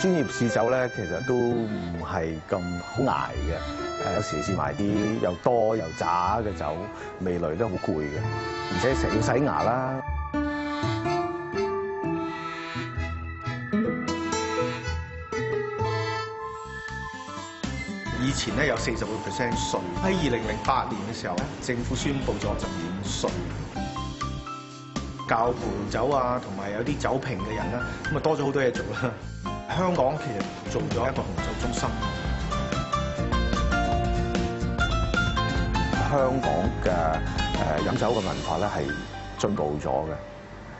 專業試酒咧，其實都唔係咁好捱嘅。誒，有時試埋啲又多又渣嘅酒，味蕾都好攰嘅，而且成日要洗牙啦。以前咧有四十個 percent 稅，喺二零零八年嘅時候咧，政府宣布咗就免稅，教盤酒啊，同埋有啲酒瓶嘅人咧，咁啊多咗好多嘢做啦。香港其實做咗一個紅酒中心。香港嘅誒、呃、飲酒嘅文化咧係進步咗嘅。誒、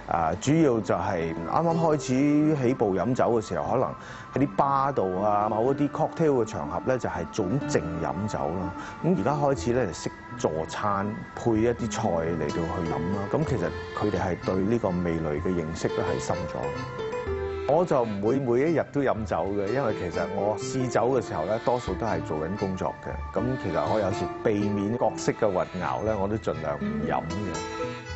呃、主要就係啱啱開始起步飲酒嘅時候，可能喺啲吧度啊，某一啲 cocktail 嘅場合咧就係、是、總淨飲酒啦。咁而家開始咧就識佐餐，配一啲菜嚟到去飲啦。咁其實佢哋係對呢個味蕾嘅認識咧係深咗。我就唔會每一日都飲酒嘅，因為其實我試酒嘅時候咧，多數都係做緊工作嘅。咁其實我有時避免角色嘅混淆咧，我都盡量唔飲嘅。